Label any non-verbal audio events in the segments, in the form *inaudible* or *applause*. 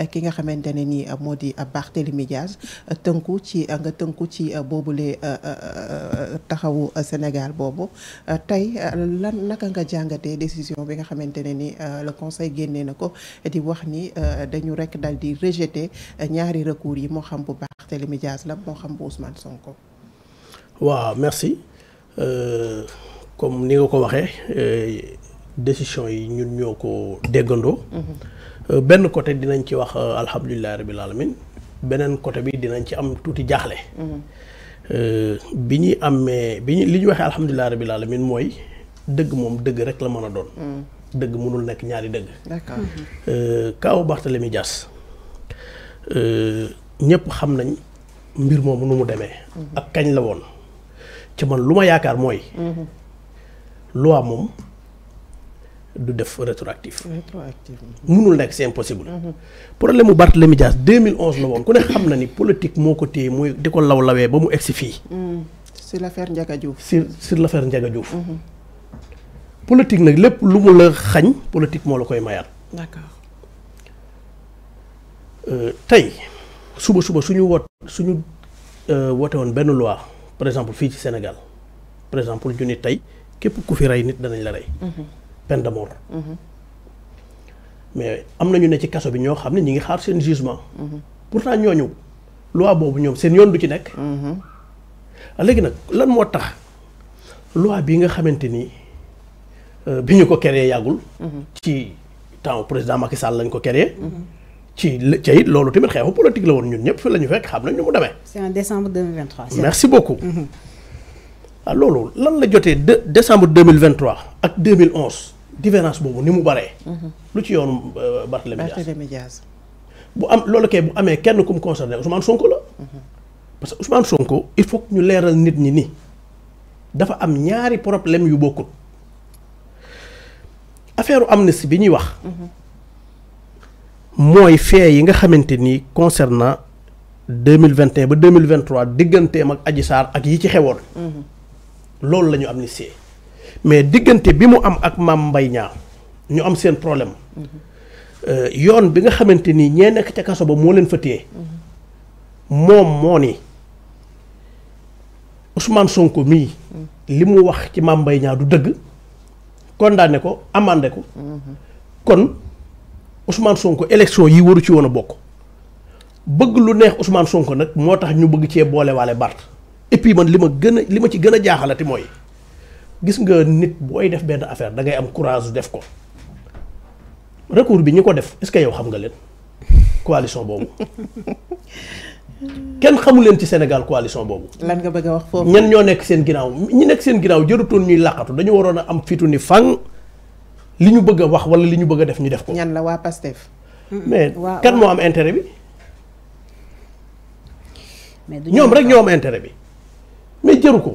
Eh, ki nga xamante ni modi eh, moo eh, Diaz teunku ci nga teunku ci boobule taxawu Sénégal bobu tay lan naka nga jangate décision bi nga xamante ni le conseil génnee nako di wax ni dañu rek dal di rejeter ñaari recours yi mo xam bu Barthélémy Diaz la mo xam bu Ousmane Sonko. wa merci euh, comme ni nga ko waxee décision yi ñun ñoko déggando déggandoo. Mm-hmm. Euh, benn côté dinañ ci wax euh, alhamdulilah rabil alamin beneen côté bi dinañ ci am tuuti jaaxle. Mhm. Euh, bi ñuy amee bi li ñu waxee alhamdulilah rabil alamin mooy dëgg moom dëgg rek la mën a doon. Mhm. dëgg mënul nekk ñaari dëgg. d'accord mhm. Kaaw Barthélemy Dias ñëpp xam nañ mbir moomu nu mu demee. ak kañ la woon ci man lu ma yaakaar mooy. loi moom. du def rétroactif. rétroactif mënul nekk c'est impossible. Mhm. problème mu Barthélemy Dias 2011 la woon ku ne xam na ni politique moo ko téye muy di ko law lawee ba mu egsi fii. Mhm. sur l'affaire Ndiaga Diouf. sur sur l'affaire Ndiaga Diouf. Mhm. politique nag lépp lu mu la xañ politique moo la koy mayal. d'accord euh, tey suba suba suñu woot suñu euh, woote woon benn loi par exemple fii ci Sénégal par exemple ñu ni tey képp ku fi rey nit danañ la rey. peine de mort. mais am na ñu ne ci kaso bi ñoo xam ne ngi xaar seen jugement. pourtant ñooñu loi bobu ñoom seen yoon du ci nek nekk. légui nak lan mo tax loi bi nga xamanteni euh biñu ñu ko créé yàggul. ci temps président Macky Sall lañ ko créé. ci la lolu tamit xeexu politique la won ñun ñepp fi lañu fekk xam nañ ñu mu démé c'est en décembre 2023. merci beaucoup. ah lolu lan la jotee de décembre 2023 ak 2011 différence bobu ni mu baré mhm. lu ci yoonu euh, Barthélémy Diaz. bu am lolu kay bu amé kenn mhm. parce que Ousmane Sonko il faut que ñu nit ñi ni dafa am ñaari problème yu affaire amnistie bi ñuy wax. Mhm. mooy fee yi nga ni concernant 2021, ba 2023 nous ak mais diggante bi mu am ak Mame Mbaye Niang ñu am seen problème euh, yoon bi nga xamante ni ñee nekk ca kaso ba moo leen fa téye moom moo ni Ousmane Sonko mii li mu wax ci Mame Mbaye Niang du dëgg condamné ko amande ko kon Ousmane Sonko élection yi waru ci woon a bokk bëgg lu neex Ousmane Sonko nag moo tax ñu bëgg cee boolewaale Bart et puis man li ma gën a li ma ci gën a jaaxalati mooy gis nga nit booy def benn affaire da ngay am courage def ko recours bi ñu ko def est-ce que yow xam nga leen coalition boobu *laughs* kenn xamu leen ci Sénégal coalition boobu. lan nga bëgg a wax foofu. ñen ñoo nekk seen ginnaaw ñi nekk seen ginnaaw jërutoon ñuy làqatu dañu waroon a am fitu ni fan li ñu bëgg a wax wala li ñu bëgg a def ñu def ko. ñan la waa Pastef. mais kan moo am intere bi. mais ñoom rek ñoo am intérêt bi mais jëru ko.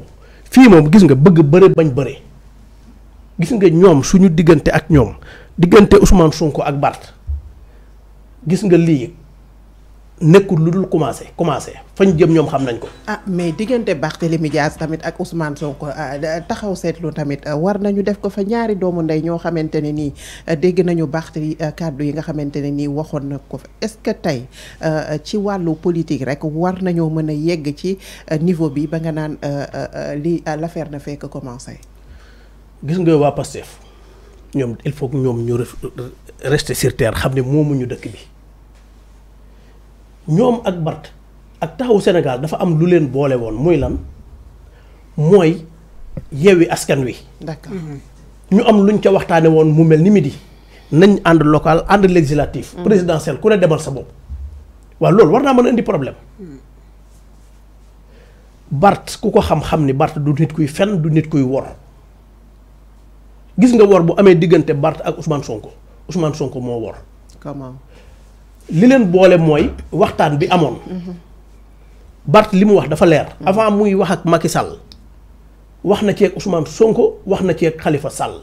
fii moom gis nga bëgg bëre bañ bëre gis nga ñoom suñu diggante ak ñoom diggante Ousmane Sonko ak Bart gis nga lii nekkul lu dul commencé commencé fañ jëm ñoom xam nañ ko. ah mais diggante Barthélémy Dias tamit ak Ousmane ko ah, taxaw seetlu tamit ah, war nañu def ko fa ñaari doomu ndey ñoo xamante ne nii ah, dégg nañu Barthélemy kàddu yi nga xamante ne nii waxoon na ko fa est-ce que tey ci wàllu politique rek war nañoo mën a yegg ci niveau bi ba nga naan li l'affaire na fekk commencé. gis nga waa Pastef ñoom il faut que ñoom ñu rester sur terre xam ne ñu dëkk bi. ñom ak bart ak taxaw senegal dafa am lu leen boole woon muy lan mooy yewi askan wi. d'accord mm-hmm. ñu am luñ ca waxtaane woon mu mel ni midi nañ and local and législatif. Mm-hmm. présidentiel ku ne demal sa bopp. waaw loolu war naa mën a indi problème. Mm-hmm. Bart ku ko xam-xam ni Bart du nit kuy fen du nit kuy wor gis nga wor bu amee diggante Bart ak Ousmane Sonko Ousmane Sonko moo wor. comment. li leen boole mooy waxtaan bi amoon. Bart li mu wax dafa leer. avant muy wax ak Macky Sall wax na ceeg Ousmane Sonko wax na ceeg xalifa Sall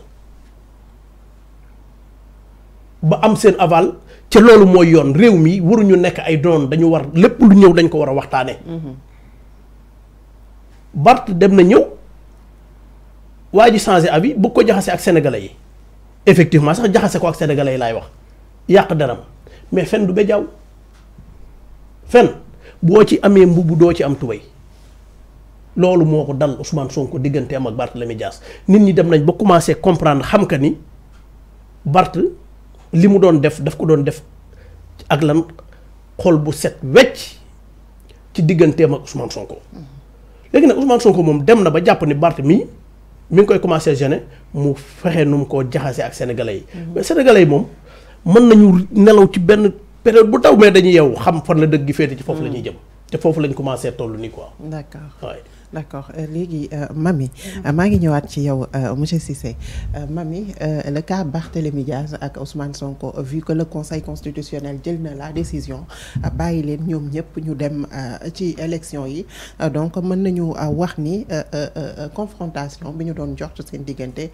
ba am seen aval ca loolu mooy yoon réew mi waruñu nekk ay doon dañu war lépp lu ñëw dañ ko war a waxtaane Bart dem na ñëw waa ji changé avis bëgg ko jaxase ak sénégalais yi effectivement sax jaxase ko ak sénégalais yi laay wax yàq deram mais fen du ba jaww fen boo ci amee mbubu doo ci am tubay loolu moo ko dal Ousmane Sonko diggante barte la Barthélemy Dias nit ñi dem nañ ba commencé comprendre xam ka ni Barth li mu doon def daf ko doon def ak lan xol bu set wecc ci digganteem ak Ousmane Sonko. léegi nag Ousmane Sonko moom dem na ba jàpp ni barte mii mu ngi koy commencé gene mu fexe nu mu ko jaxase ak sénégalais yi. Mm-hmm. mais yi moom. mën nañu nelaw ci benn période bu taw mais dañuy yow xam fan la dëgg gi féete ci foofu la ñuy hmm. jëm te foofu lañ commencé toll nii quoi. d'accord waaye. d'accord euh, léegi euh, mami euh, maa ngi ñëwaat ci yow monsieur Cissé mami le cas Barthélémy Diaz ak Ousmane Sonko vu que le conseil constitutionnel jël na la décision bàyyi leen ñoom ñëpp ñu dem ci élection yi donc mën nañu wax ni confrontation bi ñu doon jox ci seen diggante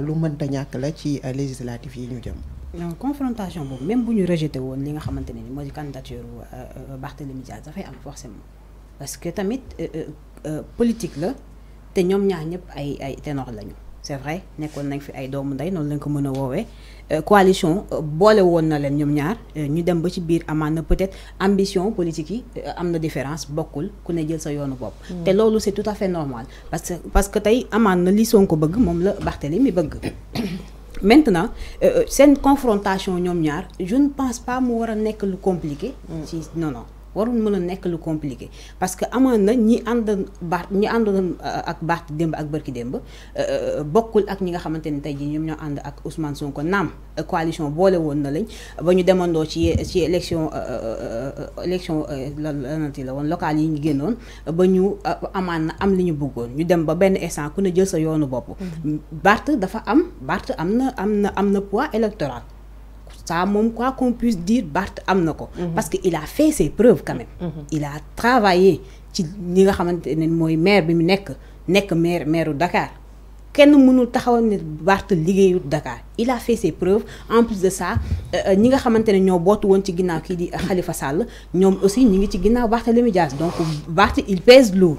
lu mënta ñàkk la ci législative yi ñu jëm donc confrontation boobu même bu ñu rejeté woon li nga xamante ne ni moo di candidature euh, euh, Barthélémy Dias dafay am forcément parce que tamit euh, politique la te ñoom ñaar ñëpp ay ay ténor lañu c'est vrai nekkoon nañ fi ay doomu nday noonu lañ ko mën a woowee coalition boole woon na leen ñoom ñaar ñu dem ba ci biir amaan peut-être ambition politique yi am na différence bokkul ku ne jël sa yoonu bopp. Mm. te loolu c'est tout à fait normal parce que parce que tey amaan na li Sonko bëgg moom la Barthélémy bëgg maintenant cette euh, euh, confrontation je ne pense pas Que wara nek compliqué. Mm. non non warul mën nek lu compliqué parce que amana ñi and Barth ñi and euh, ak Barth demb ak bërki demb euh, euh, bokul ak ñi nga xamanteni ni ji ñom ñoo and ak Ousmane Sonko nam coalition boole woon na lañ ba ñu demandoo ci ci élection élection lanati la won local yi ñu gennon ba ñu amaan am li ñu bëggoon ñu dem ba ben instant ku ne jël sa yoonu bop mm-hmm. Barth dafa am Barth amna amna amna na poids électoral ça même quoi qu'on puisse dire Bart am na mhm. parce que il a fait ses preuves quand même mhm. il a travaillé ci li nga xamantene moy maire bi mu nek nek maire maireu Dakar kenn mënul taxaw ni Bart liggéeyu Dakar il a fait ses preuves en plus de ça euh, euh, ñi nga xamantene ne ñoo bootu woon ci ginnaw ki di Khalifa Sall ñom aussi ñi ngi ci ginnaaw Barthélémy Dias donc Bart il pèse lourd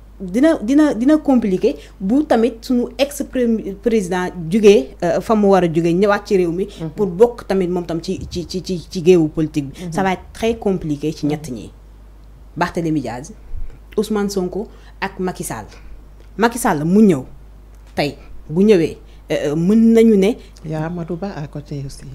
dina dina dina compliqué bu tamit suñu ex président jugee euh, famu wara war ñëwaat ci réew mi. Mhm. pour bokk tamit mom tam ci ci ci ci ci géewu politique mhm. ça va être très compliqué ci ñett ñi. Barthélémy Diaz Ousmane Sonko ak Macky Sall Macky Sall mu ñëw tay bu ñëwé euh, euh, mën nañu né y Amadou Ba à côté aussi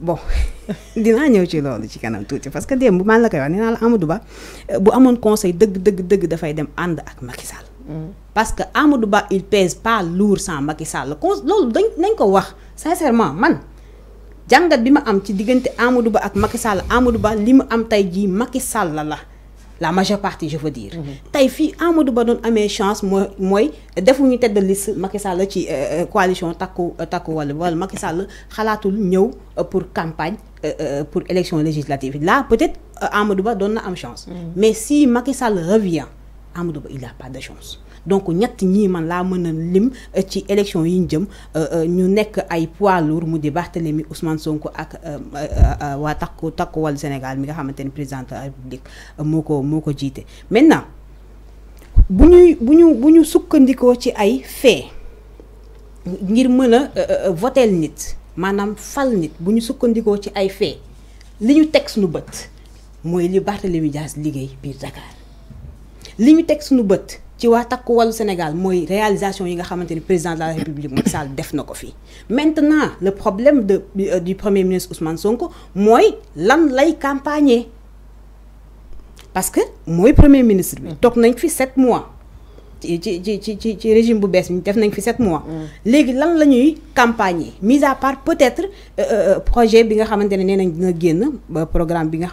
bon *laughs* dina pas ci lolu ci kanam tuuti parce que eh, bu man la bu conseil deug dem ak mm. parce que Amadou il pèse pas lourd sans Macky Sall dañ sincèrement man jangat bima am ci diggante Amadou Ba ak Macky Sall la majeure partie je veux dire. Mhm. Taïfi, Amadou Ba a amee chance moi, defuñu tête de liste Macky Sall ci euh, euh, coalition TACO. takku euh, wala wala Macky Sall pour campagne pour élection législative là peut-être Amadou Ba doon na am chance. Mhm. mais si Macky Sall revient Amadou Ba il a pas de chance. donc ñett ñii man laa mën a lim euh, ci élection yi ñu jëm euh, euh, ñu nekk ay poids lourd mu di Barthélemy Ousmane Sonko ak waa takku takku wàllu Sénégal mi nga xamante ne président de la République moo ko moo ko jiite maintenant bu ñuy bu ñu bu ñu sukkandikoo ci ay fait ngir mën a voteel nit maanaam fal nit bu ñu sukkandikoo ci ay fait li ñu teg suñu bët mooy li Barthélemy Dias liggéey biir Dakar li ñu teg suñu bët ci as Sénégal réalisation président de la République maintenant le problème euh, du premier ministre Ousmane Sonko parce que le premier ministre bi nañ sept mois ci ci ci régime bu sept mois mm. mis à part peut-être euh, euh, projet bi nga xamanteni nenañ programme bi nga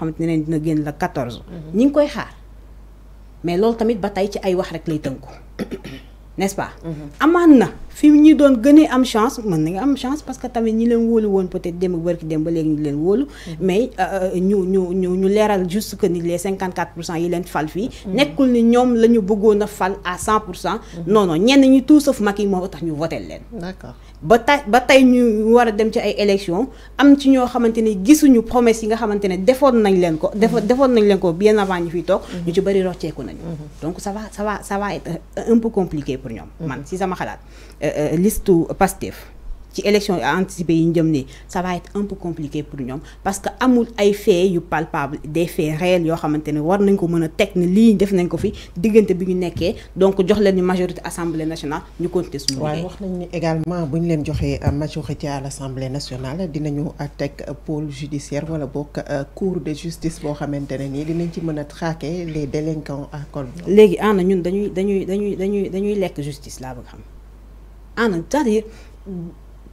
la mais loolu tamit ba tey ci ay wax rek lay tënku *coughs* n'est-ce mm-hmm. amaan na Nous avons doon chance chance parce que tamit ñi leen wolu peut-être mm-hmm. mais euh, euh, ñu ñu juste 54 yi leen fal mm-hmm. à 100 mm-hmm. non non ñi tout sauf Macky mo tax ñu voter leen d'accord ba tay ñu promesse yi nga bien avant donc ça va ça ça va être un peu compliqué pour ñom man si sama euh, euh, liste Pastef ci élection anticipée yi ça va être un peu compliqué pour nous, parce que amul ay fait yu palpable des faits réels yo xamante war nañ ko mëna a ni li def nañ ko fi digënté bi ñu donc jox leen majorité assemblée nationale ñu compter suñu waaye wax nañ ni également buñ ñu leen joxee euh, majorité à l'assemblée assemblée nationale dinañu teg pôle judiciaire wala bok cour de justice bo xamante ni dinañ ci mëna traquer les délinquants à col blanc ana ñun dañuy dañuy dañuy dañuy dañuy justice la bëgg xam ànd ah, cest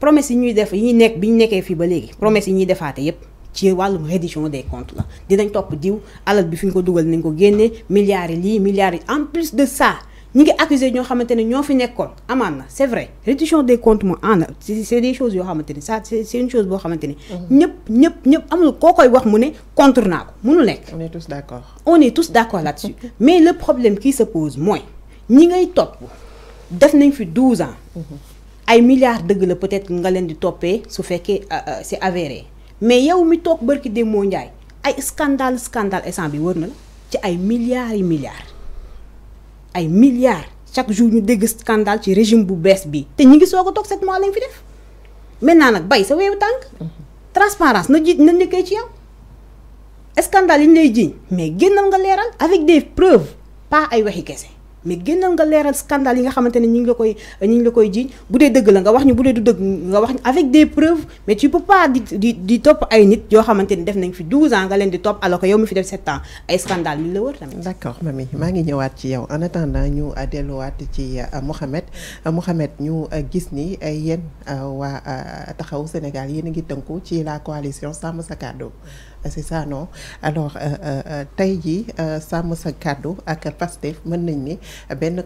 promesse yi ñuy def yi nekk biñu nekké fi ba légui promesse yi ñuy defaté yépp ci walum reddition des comptes la dinañ top diw alal bi fi ko duggal nañ ko génné milliards li milliards en plus de ça ñi ngi accusé ño xamante ño fi nekkoon amana c'est vrai reddition des comptes mo ànd c'est des choses yo xamante ça c'est une chose bo xamante mhm. ñep ñep ñep ñëpp amul koo koy wax mu ne contre nako mu mënul nekk on est tous d'accord on est tous d'accord là-dessus *laughs* mais le problème qui se pose moi ñi ngay top def nañ fi 12 ans. Mhm. ay milliards dëgg la peut-être nga leen di toppee su fekkee euh, euh, c'est avéré mais yow mi toog barki Demba Ndiaye ay scandale scandale instant bi wër na la ci ay milliards yi milliards ay milliards chaque jour ñu dégg scandale ci régime bu bees bi te ñi ngi soog a toog sept mois lañ fi def maintenant nag bay sa weewu tànk. Mhm. transparence na ji na nekkee ci yow scandale yi ñu lay jiiñ mais génnal nga leeral avec des preuves pas ay waxi kese. mais génnal nga un scandale yi nga xamanteni ne la koy koy la avec des preuves mais tu peux pas di di top ay nit 12 ans nga di alors que yow mi fi def 7 ans ay scandale la mami ngi ñëwaat ci yow en attendant ñu euh, ci euh, euh, ñu gis ni wa Sénégal la coalition sam Euh, c'est ça non alors euh, euh, tey jii sàmm sa kàddu ak Pastef mën nañ ni benn